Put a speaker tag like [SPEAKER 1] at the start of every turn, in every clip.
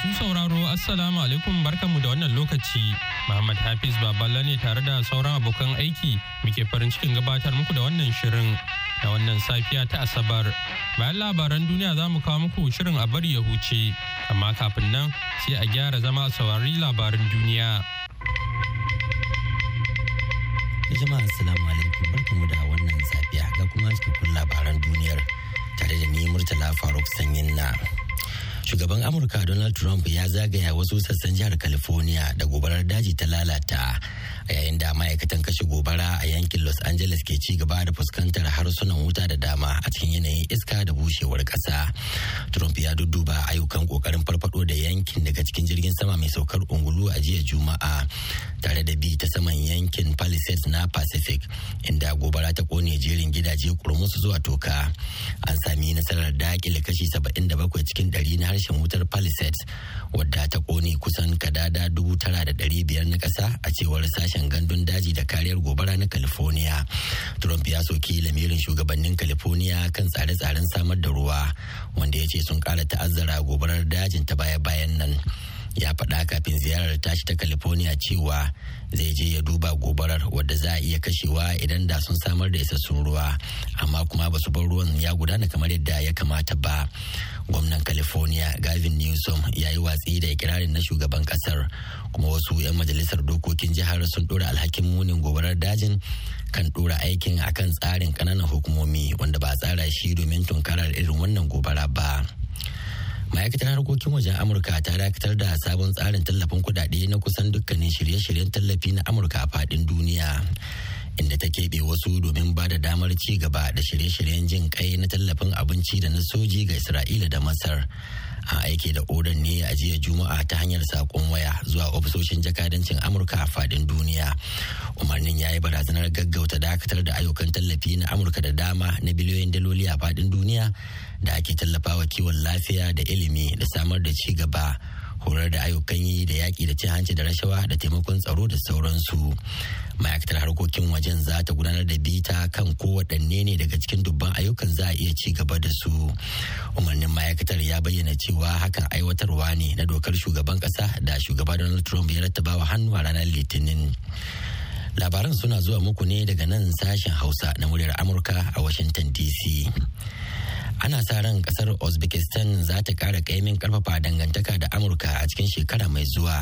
[SPEAKER 1] Masu sauraro Assalamu alaikum barkanmu da wannan lokaci. Muhammad Hafiz Baballa ne tare da sauran abokan aiki muke farin cikin gabatar muku da wannan shirin da wannan safiya ta Asabar. Bayan labaran duniya za mu kawo muku shirin a bari ya huce, amma kafin nan sai a gyara zama saurari labarin duniya.
[SPEAKER 2] Jama'a Assalamu alaikum barkanmu da wannan safiya ga kuma cikakkun labaran duniyar tare da ni Murtala Faruk Sanyin na. shugaban amurka donald trump ya zagaya wasu sassan jihar california da gobarar daji ta lalata a yayin da ma'aikatan kashe gobara a yankin los angeles ke ci gaba da fuskantar harsunan wuta da dama a cikin yanayin iska da bushewar kasa trump ya dudduba ayyukan kokarin farfado da yankin daga cikin jirgin sama mai saukar ungulu a jiya juma'a tare da bi ta saman yankin palisades na pacific inda gobara ta kone jerin gidaje kurmusu zuwa toka an sami nasarar dakile kashi 77 cikin 100 na harshen wutar palisades wadda ta kone kusan kadada 9,500 na ƙasa a cewar sashen yankin gandun daji da kariyar gobara na california trump ya soki lamirin shugabannin california kan tsare-tsaren samar da ruwa wanda ya ce sun kara ta'azzara gobarar dajin ta baya-bayan nan ya faɗa kafin ziyarar tashi ta california cewa zai je ya duba gobarar wadda za a iya kashewa idan da sun samar da isassun ruwa amma kuma ba su bar ruwan ya gudana kamar yadda ya kamata ba gwamnan california gavin newsom ya yi watsi da ikirarin na shugaban kasar kuma wasu 'yan majalisar dokokin jihar sun dora alhakin munin gobarar dajin kan dora aikin akan tsarin kananan hukumomi wanda ba a tsara shi domin tunkarar irin wannan gobara ba. ma'aikatar harkokin wajen amurka ta dakatar da sabon tsarin tallafin kudade na kusan dukkanin shirye-shiryen tallafi na amurka a fadin duniya inda ta keɓe wasu domin ba da damar ci gaba da shirye-shiryen jin kai na tallafin abinci da na soji ga isra'ila da masar a aike da odan ne a jiya juma'a ta hanyar sakon waya zuwa ofisoshin jakadancin amurka a fadin duniya umarnin ya yi barazanar gaggauta dakatar da ayyukan tallafi na amurka da dama na biliyoyin daloli a fadin duniya da ake tallafawa kiwon lafiya da ilimi da samar da ci gaba horar da ayyukan yi da yaƙi da cin hanci da rashawa da taimakon tsaro da sauransu ma'aikatar harkokin wajen za ta gudanar da bita kan kowaɗanne ne daga cikin dubban ayyukan za a iya ci gaba da su umarnin ma'aikatar ya bayyana cewa hakan aiwatarwa ne na dokar shugaban ƙasa da shugaba donald trump ya rattaba wa hannu a ranar litinin labaran suna zuwa muku ne daga nan sashen hausa na muryar amurka a washington dc ana sa ran kasar uzbekistan za ta kara kaimin karfafa dangantaka da amurka a cikin shekara mai zuwa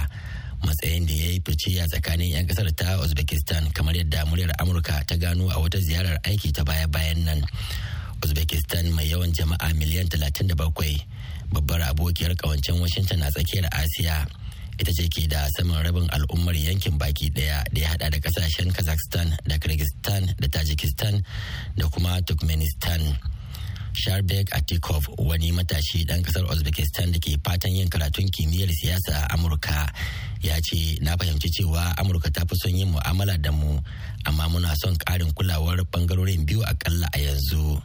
[SPEAKER 2] matsayin da ya yi fice a tsakanin 'yan kasar ta uzbekistan kamar yadda muryar amurka ta gano a wata ziyarar aiki ta baya-bayan nan uzbekistan mai yawan jama'a miliyan 37 babbar abokiyar kawancen washington a tsakiyar asiya ita ce ke da saman rabin al'ummar yankin baki daya da ya hada da kasashen kazakhstan da kyrgyzstan da tajikistan da kuma turkmenistan sharbek atikov wani matashi dan ƙasar uzbekistan da ke fatan yin karatun kimiyyar siyasa a amurka ya ce na fahimci cewa amurka ta fi son yin mu'amala da mu amma muna son karin kulawar bangarorin biyu akalla a yanzu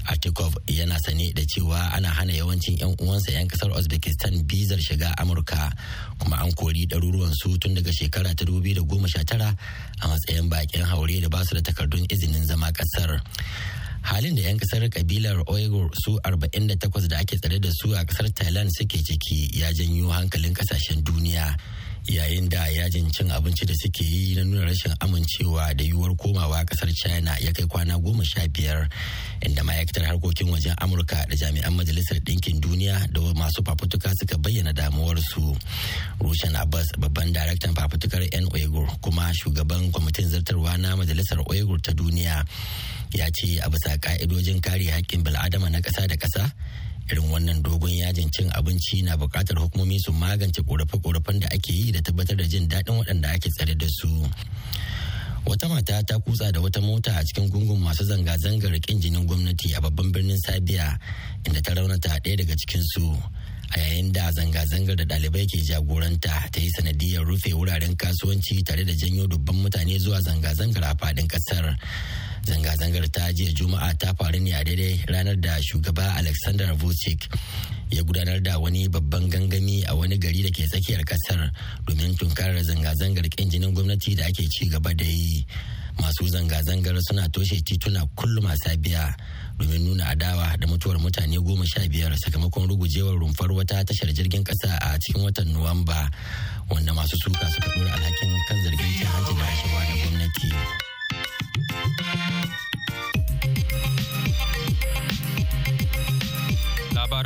[SPEAKER 2] Atikov yana sane da cewa ana hana yawancin 'yan uwansa 'yan kasar Uzbekistan bizar shiga Amurka kuma an kori ɗaruruwan su tun daga shekara ta sha tara a matsayin baƙin haure da basu da takardun izinin zama ƙasar. halin da 'yan kasar kabilar oigur su 48 da ake tsare da su a kasar thailand suke ciki ya janyo hankalin kasashen duniya yayin da yajin cin abinci da suke yi na nuna rashin amincewa da yiwuwar komawa kasar china ya kai kwana goma sha biyar inda ma'aikatar harkokin wajen amurka da jami'an majalisar ɗinkin duniya da masu fafutuka suka bayyana damuwarsu roshan abbas babban daraktan fafutukar yan uyghur kuma shugaban kwamitin zartarwa na majalisar uyghur ta duniya ya ce a bisa ka'idojin kare haƙƙin bil'adama na ƙasa da ƙasa irin wannan dogon yajin cin abinci na buƙatar hukumomi su magance ƙorafe-ƙorafen da ake yi da tabbatar da jin daɗin waɗanda ake tsare da su wata mata ta kutsa da wata mota a cikin gungun masu zanga-zangar ƙin jinin gwamnati a babban birnin sabiya inda ta raunata ɗaya daga cikin su a yayin da zanga-zangar da ɗalibai ke jagoranta ta yi sanadiyar rufe wuraren kasuwanci tare da janyo dubban mutane zuwa zanga-zangar a faɗin ƙasar zanga-zangar ta jiya juma'a ta faru ne a daidai ranar da shugaba alexander vucic ya gudanar da wani babban gangami a wani gari da ke tsakiyar kasar domin tunkarar zanga-zangar kin jinin gwamnati da ake ci gaba da yi masu zanga-zangar suna toshe tituna kullum a sabiya domin nuna adawa da mutuwar mutane goma sha biyar sakamakon rugujewar rumfar wata tashar jirgin kasa a cikin watan nuwamba wanda masu suka suka dora alhakin kan zargin cin hanci da rashawa da gwamnati.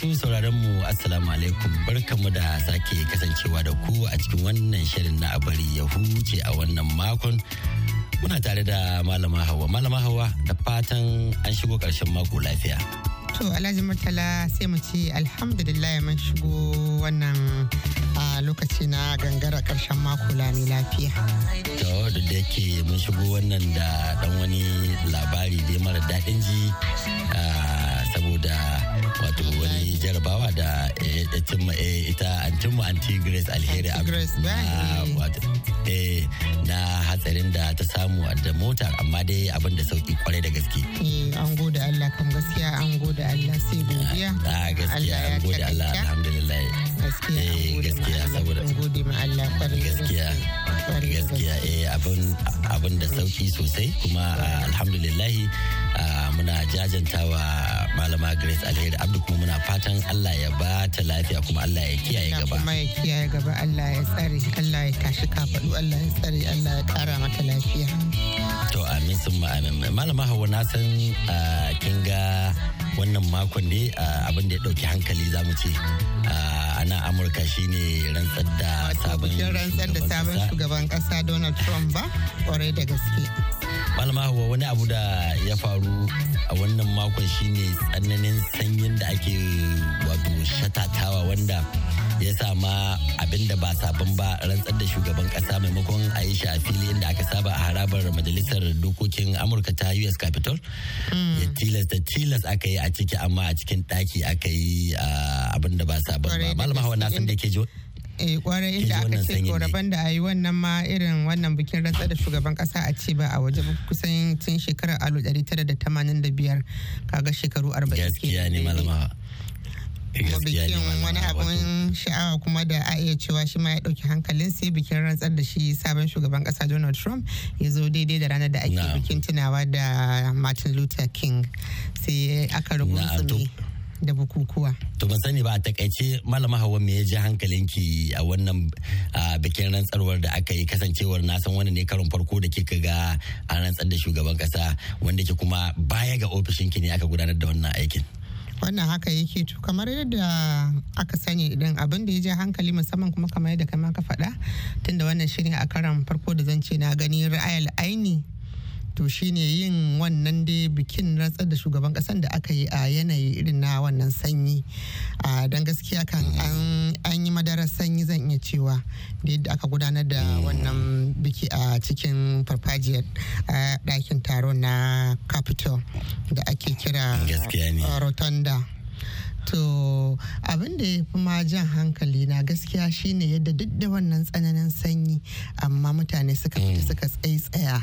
[SPEAKER 2] Masu sauraron mu Assalamu alaikum barkamu da sake kasancewa da ku a cikin wannan shirin na abari ya huce a wannan makon. Muna tare da Malama Hawa. Malama Hawa da fatan an shigo karshen mako lafiya.
[SPEAKER 3] To Alhaji Murtala sai mu ce alhamdulillah mun shigo wannan lokaci na gangara karshen mako lami lafiya.
[SPEAKER 2] To da da yake mun shigo wannan da dan wani labari dai mara daɗin ji. saboda wato wani jarabawa da ya eh, cimma eh, ita an cimma anti grace alheri eh, na hatsarin da ta samu da mota amma dai abin da sauki kwarai da gaske
[SPEAKER 3] an gode Allah kan gaskiya an gode Allah sai godiya
[SPEAKER 2] gaskiya an gode Allah alhamdulillah gaskiya saboda gode ma Allah gaskiya gaskiya abin abin da sauki sosai kuma ah, alhamdulillah ah, muna jajantawa malama grace alheri abdu kuma muna fatan allah ya ba ta lafiya kuma allah ya kiyaye gaba kuma
[SPEAKER 3] ya kiyaye gaba allah ya tsare allah ya tashi kafaɗu allah ya tsare allah ya kara mata lafiya
[SPEAKER 2] to amin sun amin malama hawa na san ah, kin ga wannan makon ne ah, abin da ya dauki hankali za mu ce ah, ana amurka shine rantsar da sabon
[SPEAKER 3] shugaban kasa donald trump ba kwarai da gaske
[SPEAKER 2] malama hawa wani abu da ya faru a wannan makon shine tsananin sanyin da ake wato shatatawa wanda ya sama ma abin da ba sabon ba rantsar da shugaban kasa maimakon a yi shi a fili inda aka saba a harabar majalisar dokokin amurka ta us capitol hmm. ya tilas tilas aka yi a ciki amma a cikin daki aka yi ah, abin da ba sabon ba malama hawa na san da ke jo
[SPEAKER 3] eh kwarai inda aka ce koraban da ayi wannan ma irin wannan bikin rantsar da shugaban kasa a ce ba a waje kusan tun shekarar 1985 kaga shekaru 40 gaskiya ne malama bikin wani abin sha'awa kuma da a iya cewa shi ma ya ɗauki hankalin sai bikin rantsar da shi sabon shugaban kasa donald trump ya zo daidai da ranar da ake bikin tunawa da martin luther king sai aka rubuta tsumi da bukukuwa.
[SPEAKER 2] To ban sani ba a takaice malama hawa me ya ji hankalinki a wannan bikin rantsarwar da aka yi kasancewar na san wani ne karon farko da kika ga a rantsar da shugaban kasa wanda ke kuma baya ga ofishinki ne aka gudanar da wannan aikin.
[SPEAKER 3] wannan haka yake to kamar yadda aka sani idan abin da ya ji hankali musamman kuma kamar yadda kama ka faɗa tunda wannan shirin a karan farko da zan ce na gani ra'ayal aini wato shine yin wannan da bikin rantsar da shugaban kasan da aka yi a yanayi irin na wannan sanyi don gaskiya kan an yi madarar sanyi zan iya cewa da yadda aka gudanar da wannan biki a cikin farfajiyar ɗakin taro na capital da ake kira rotunda To abin da ya fi ma jan hankali na gaskiya shine yadda duk da wannan tsananin sanyi amma mutane suka fita mm. suka tsaya.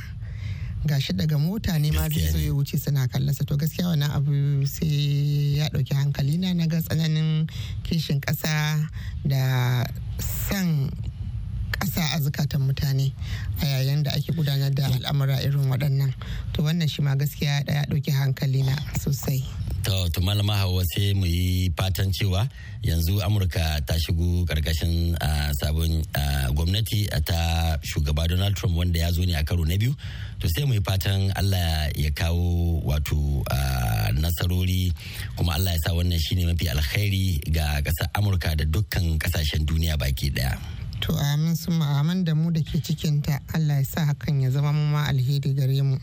[SPEAKER 3] gashi daga mota ne ma zai zo ya wuce suna kallasa to gaskiya wannan abu sai ya ɗauki hankali na na ga tsananin kishin ƙasa da san ƙasa a zukatan mutane a yayin da ake gudanar da al'amura irin waɗannan to wannan shi ma gaskiya ya ɗauki hankali na sosai
[SPEAKER 2] to malama hawa sai mu yi fatan cewa yanzu amurka ta shigo karkashin sabon gwamnati ta shugaba donald trump wanda ya zo ne a karo na biyu to sai mu yi fatan allah ya kawo wato nasarori kuma allah ya sa wannan shine mafi alkhairi ga ƙasar amurka da dukkan kasashen duniya baki
[SPEAKER 3] daya to amin sun da mu da ke cikinta allah ya sa hakan ya zama mu ma alheri gare mu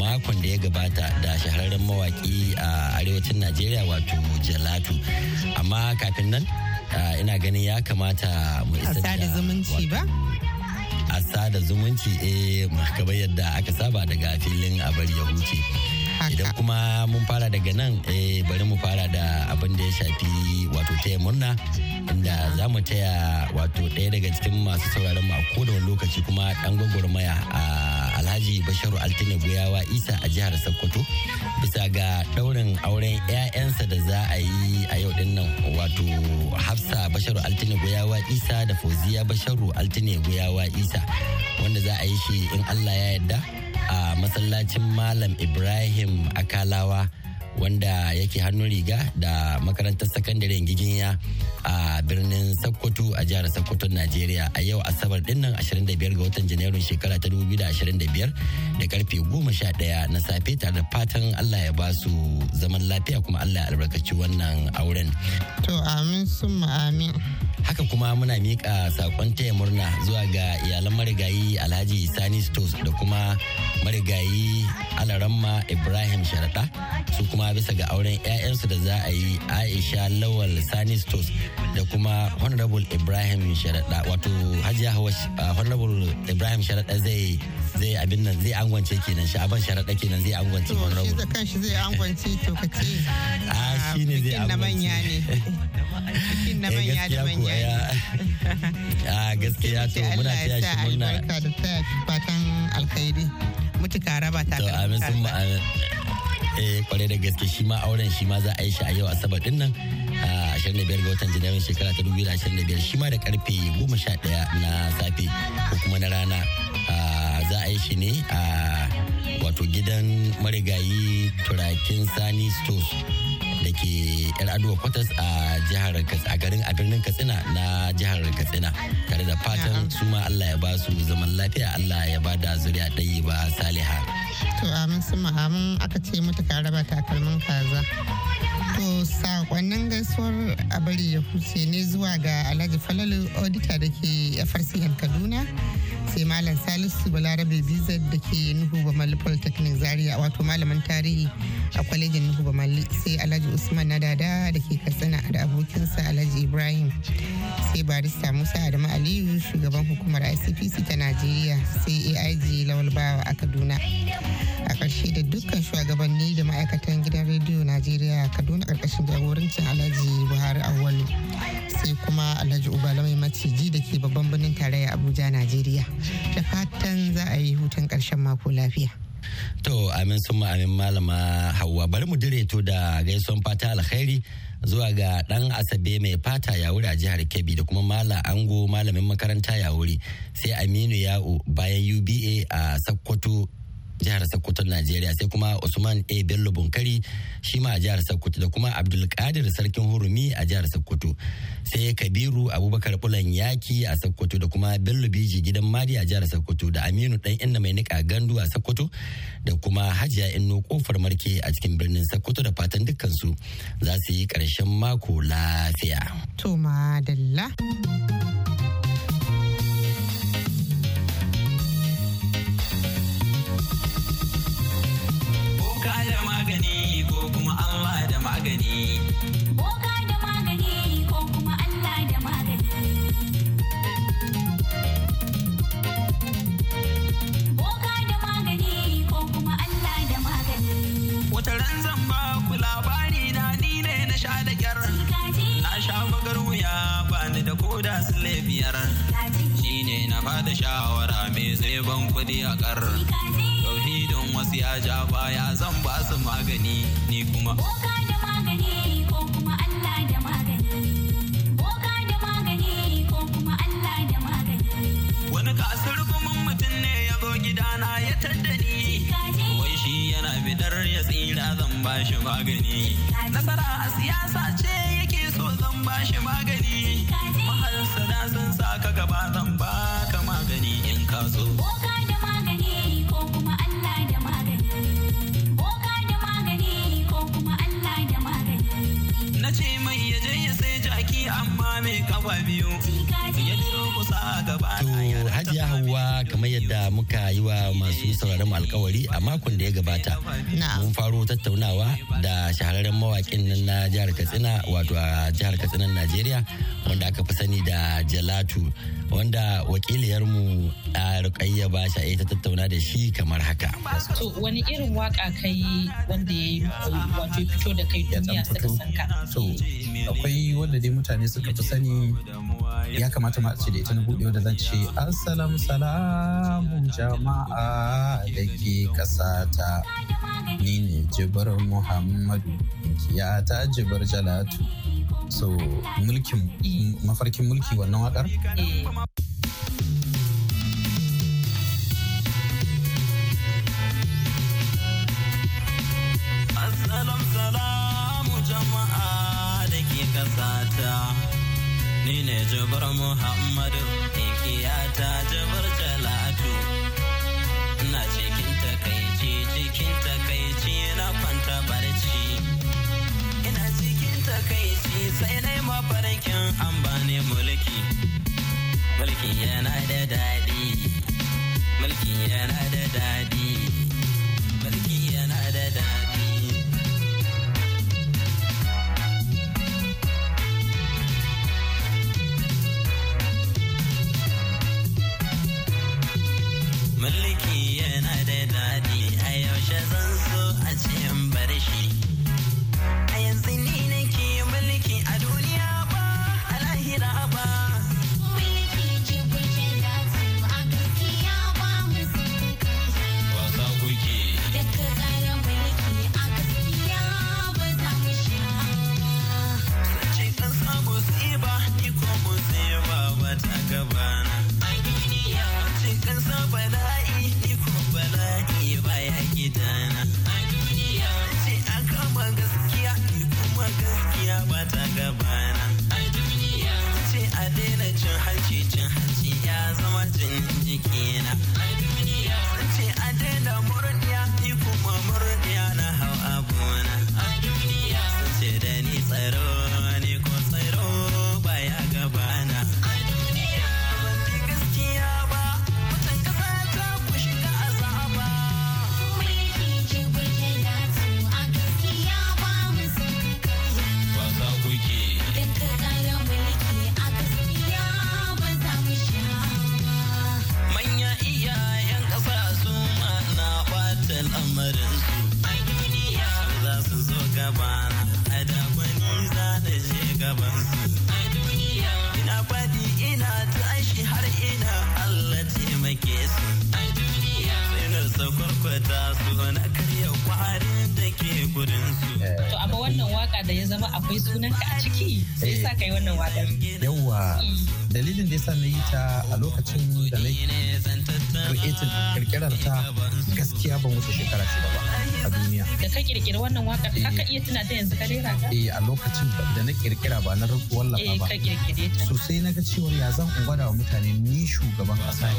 [SPEAKER 2] makon da ya gabata da shahararren mawaki a arewacin najeriya wato jalatu amma kafin nan ina ganin ya kamata mu isa da zumunci ba a sada zumunci eh kamar yadda aka saba daga filin a bari ya huce idan kuma mun fara daga nan eh bari mu fara da abin da ya shafi wato taya murna inda za mu taya wato ɗaya daga cikin masu sauraron mu a wani lokaci kuma ɗan gwagwarmaya a alhaji basharu altine goyawa isa a jihar sokoto bisa ga daurin auren 'ya'yansa da za a yi a yau din nan wato hafsa basharu altine goyawa isa da fauziya basharu altine goyawa isa wanda za a yi shi in allah ya yarda a masallacin malam ibrahim akalawa wanda yake hannun riga da makarantar sakandaren giginya a birnin sokoto a jihar sokoto najeriya a yau asabar dinnan 25 ga watan janairun shekara ta 2025 da karfe 11 na safe tare da fatan allah ya ba su zaman lafiya kuma allah ya albarkaci wannan auren to amin sun amin haka kuma muna miƙa saƙon taya murna zuwa ga iyalan marigayi alhaji sani stos da kuma marigayi alaramma ibrahim sharata su kuma bisa ga auren 'ya'yansu da za a yi aisha lawal sani stos da kuma honorable ibrahim sharata wato hajiya hawa honorable ibrahim sharata zai zai abin nan zai angwance kenan abin sharaɗa kenan zai angwance honorable
[SPEAKER 3] shi zai angwance ah, ah, zai angwance cikin na eh, manya da manya a ah, gaskiya to muna taya shi muna da fatan alkhairi mutuka raba ta to amin sun ma eh,
[SPEAKER 2] eh kwarai da gaske shi ma auren shi ma za a yi shi a yau asabar din nan 25 ga watan janairun shekara ta 2025 shi ma da karfe 11 na safe ko kuma na rana za a yi shi ne a wato gidan marigayi turakin sani stores da ke yar aduwa kwatas a jihar a garin a birnin katsina na jihar katsina tare da fatan su ma allah ya ba su zaman lafiya allah ya ba da zuriya ɗayi ba saliha
[SPEAKER 3] to amin su amin aka ce mutu ka raba takalmin kaza To sakonnin gaisuwar a bari ya huce ne zuwa ga Alhaji Falalu audita da ke FRCN Kaduna. sai malam salisu balarabe bizar da ke nuhu mali polytechnic zaria wato malamin tarihi a kwalejin nuhu mali sai alhaji usman nadada da ke katsina da abokinsa alhaji ibrahim sai barista musa adamu aliyu shugaban hukumar icpc ta najeriya sai aig lawal a kaduna a ƙarshe da dukkan shugabanni da ma'aikatan gidan rediyo najeriya kaduna Borno karkashin jagorancin Alhaji Buhari Awolu sai kuma Alhaji Ubala mai maciji da ke babban birnin tarayya Abuja Najeriya da fatan za a yi hutun karshen mako lafiya.
[SPEAKER 2] To amin sun amin malama Hauwa bari mu dire to da gaison fata alkhairi zuwa ga dan asabe mai fata ya wuri a jihar Kebbi da kuma mala ango malamin makaranta ya wuri sai Aminu Ya'u bayan UBA a Sokoto jihar Sokoto Najeriya sai kuma Usman A Bello Bunkari shi ma a jihar Sokoto da kuma Abdul Qadir Sarkin Hurumi a jihar Sokoto sai Kabiru Abubakar Bulan Yaki a Sokoto da kuma Bello Biji gidan Madi a jihar Sokoto da Aminu Dan Inna Mai Nika Gandu a Sokoto da kuma Hajiya Inno Kofar Marke a cikin birnin Sokoto da fatan dukkan su za su yi ƙarshen mako lafiya.
[SPEAKER 3] To madalla.
[SPEAKER 4] boka da magani ko kuma Allah da magani. ko kuma Allah da magani. zan ba ku labari na ni ne na sha da Na wuya da koda su biyar. Shi ne na fada shawara mai zai ban kudi a magani don wasu ya ja baya zan ba su magani ni kuma boka da magani ko kuma ko kuma Allah da magani wani kasar kuma mutum ne ya zo gidana ya taddani wai shi yana bidar ya tsira zan ba shi magani nasara a siyasa ce yake so zan ba shi magani mahal sada sun saka gaba zan ba ka magani in ka kafa biyu ya duro kusa
[SPEAKER 2] gaba to hajiya hawa kamar yadda muka yi wa masu sauraron mu alkawari a makon da ya gabata mun faro tattaunawa da shahararren mawakin nan na jihar katsina wato a jihar katsinan najeriya wanda aka fi sani da jalatu wanda wakiliyarmu a rukayya ba sha ta tattauna da shi kamar haka
[SPEAKER 5] to wani irin waka kai wanda ya wato fito da kai duniya suka sanka
[SPEAKER 2] akwai wanda dai
[SPEAKER 6] mutane suka fi sani ya kamata ma a ce da ita na buɗewa da zan ce assalamu salamu jama'a da ke kasata ni ne jibar muhammadu ya ta jibar jalatu so mulkin mafarkin mulki wannan waƙar.
[SPEAKER 4] Eh. ƙasata ni ne jabar muhammadu ikiyata jabar jalatu ina cikin takaici cikin takaici na kwanta barci ina cikin takaici sai na yi mafarkin an bani mulki mulki yana da daɗi mulki yana da daɗi mulki yana da daɗi a yaushe zan so a cikin barshi. a yanzu ne
[SPEAKER 6] a lokacin da na created kirkirar ta gaskiya ban wuce shekara shida ba
[SPEAKER 4] a duniya
[SPEAKER 5] da ka kirkiri wannan wakar haka iya tuna da yanzu ka rera ta eh
[SPEAKER 6] a lokacin da na kirkira ba na wallafa eh, ba so sai na ga cewa ya zan gwada wa mutane ni shugaban kasa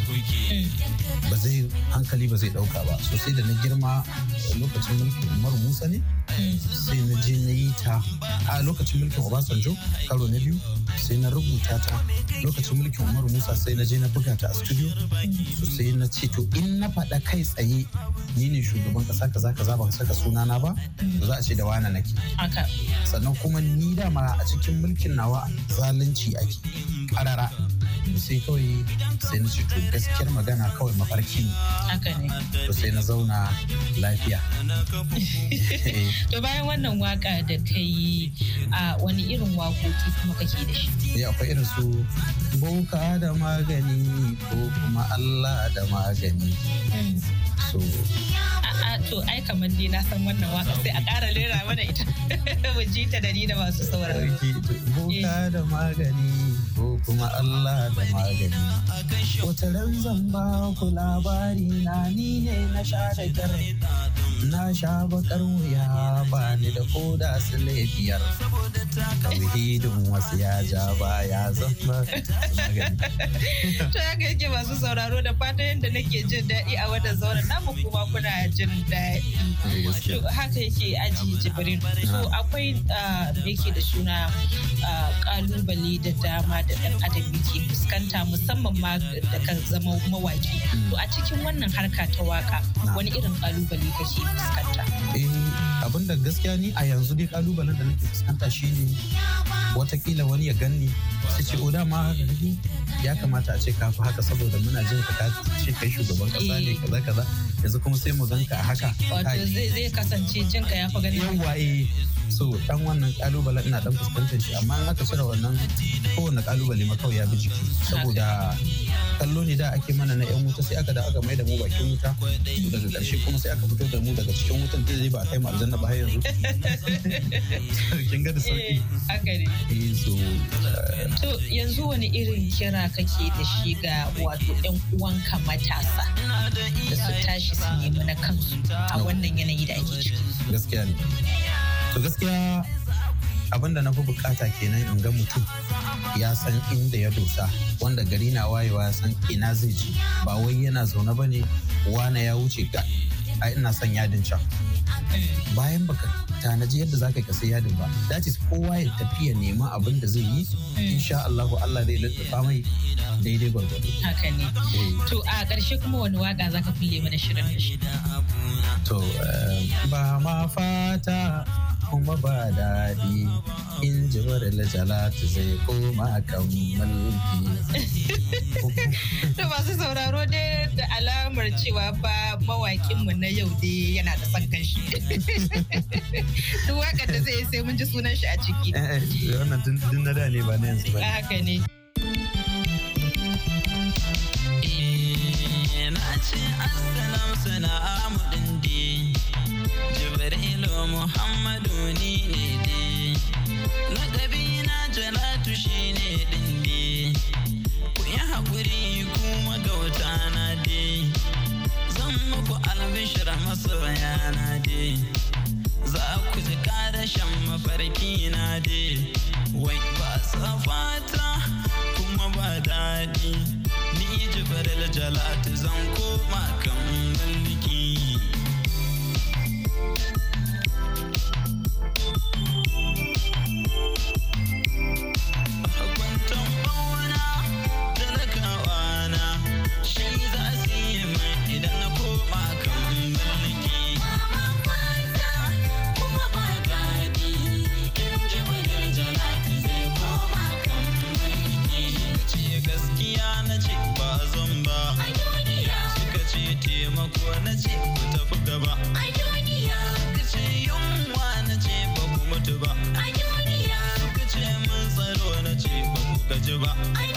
[SPEAKER 6] ba zai hankali ba zai dauka ba sosai da na girma lokacin mulkin Umaru Musa ne sai na je na yi ta a lokacin mulkin obasanjo karo na biyu sai na rubuta ta lokacin mulkin umaru musa sai na je na buga ta a studio su sai na ce to in na faɗa kai tsaye ni ne shugaban ƙasa kaza kaza ba saka suna na ba to za a ce da wana nake sannan kuma ni dama a cikin mulkin nawa zalunci ake ƙarara sai kawai sai na ce to gaskiyar magana kawai mafarki haka ne to sai na zauna lafiya
[SPEAKER 5] to bayan wannan waka da ka yi a wani irin wakoki kuma kake da shi
[SPEAKER 6] eh, akwai irin su boka da magani ko kuma Allah da magani hmm.
[SPEAKER 5] so to ai kamar dai na san wannan waka sai a ƙara lera mana ita mu ji ta da ni da masu sauraro boka eh. da magani ko kuma Allah da magani. Wata ran zan ba
[SPEAKER 6] ku labari na ni ne na sha da na sha bakar wuya ba ni da koda su biyar. zihidin wasu ya ja ya zama
[SPEAKER 5] to ya yake masu sauraro da fatan yadda nake jin daɗi a wannan zauren namu kuma kuna jin daɗi eh, haka yake aji jibril So akwai ah, yake da suna kalubale ah, da dama da ɗan adam yake fuskanta musamman ma da kan zama mawaki mm. to a cikin wannan harka ta waka wani irin kalubale kake fuskanta eh,
[SPEAKER 6] Abin da gaskiya ni a yanzu dai kalubalen da nake fuskanta shine watakila wani ya ganni su ce o ma haka ya kamata a ce ka fi haka saboda muna jin ka ce kai shugaban kasa ne kaza kaza yanzu kuma sai mu ganka a haka wato
[SPEAKER 5] zai kasance jin ka ya fi gani yawa
[SPEAKER 6] eh so dan wannan kalubalen ina dan fuskantar shi amma in aka cire wannan kowane kalubale ma kawai ya bi jiki saboda kallo ne da ake mana na yan wuta sai aka da aka mai da mu bakin wuta daga karshe kuma sai aka fito da mu daga cikin wutan da ba a kai mu aljanna ba har yanzu kin ga da
[SPEAKER 5] sauki eh,
[SPEAKER 6] eh,
[SPEAKER 5] to yanzu wani irin kira kake da shi ga wato yan uwanka matasa da su tashi su nemi na kansu a wannan yanayi da ake ciki
[SPEAKER 6] gaskiya ne to gaskiya abin da na fi bukata kenan in ga mutum ya san inda ya dosa wanda gari na wayewa ya san ina zai je ba wai yana zaune ba ne wane ya wuce ga a ina son yadin can bayan baka tanaji yadda za ka kasa yadin ba that is kowa ya tafiya nema abin da zai yi insha Allahu Allah zai lalata mai daidai gwargwado
[SPEAKER 5] haka ne eh. to a ƙarshe kuma wani waka zaka ka kulle mana shirin
[SPEAKER 6] to eh, ba ma fata kuma ba daɗi in ji lajala ta zai koma kan mulki.
[SPEAKER 5] Da masu sauraro dai da alamar cewa ba mawakinmu na yau dai yana da son kanshi. Duk waƙar da zai sai mun ji sunan shi a ciki.
[SPEAKER 6] Eh, eh, wannan tun na da ne ba na yanzu ba. Haka ne.
[SPEAKER 4] masoya na de za ku ji karashen mafarki na de wai ba fata kuma ba daɗi ni jibril jalatu zan koma kan ba.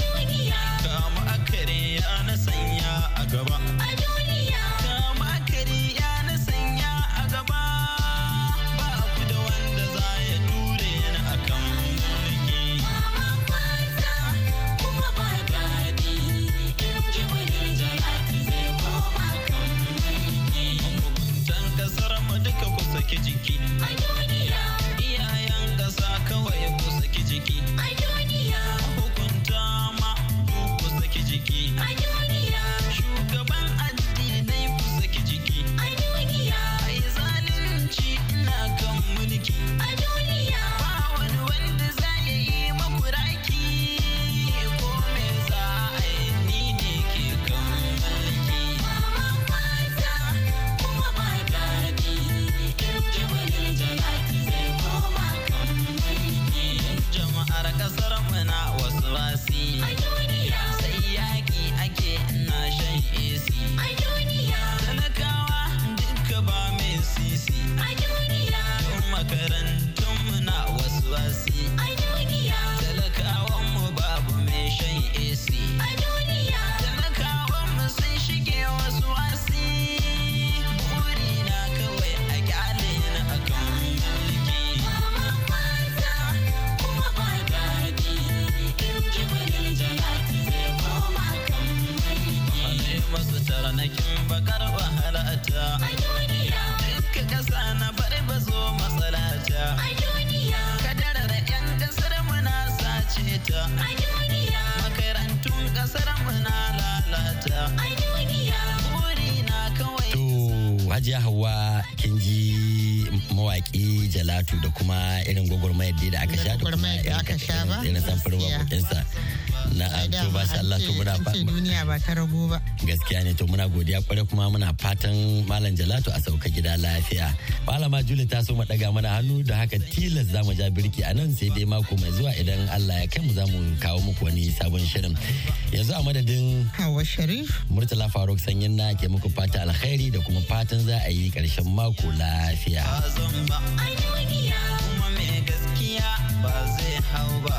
[SPEAKER 4] AC.
[SPEAKER 2] plateau da kuma irin gwagwarmayar da aka sha da kuma irin samfurin wakokinsa na'am to ba sha Allah to muna fatan duniya ba ta rago ba gaskiya ne to muna godiya kware kuma muna fatan malam Jalatu a sauka gida lafiya malama Juli ta so mu daga mana hannu da haka tilas mu ja birki a nan sai dai mako mai zuwa idan Allah ya kai mu zamu kawo muku wani sabon shirin yanzu a madadin Hawa Sharif Murtala Faruk sanyin na ke muku fata alkhairi da kuma fatan za a yi karshen mako lafiya ba zai hau ba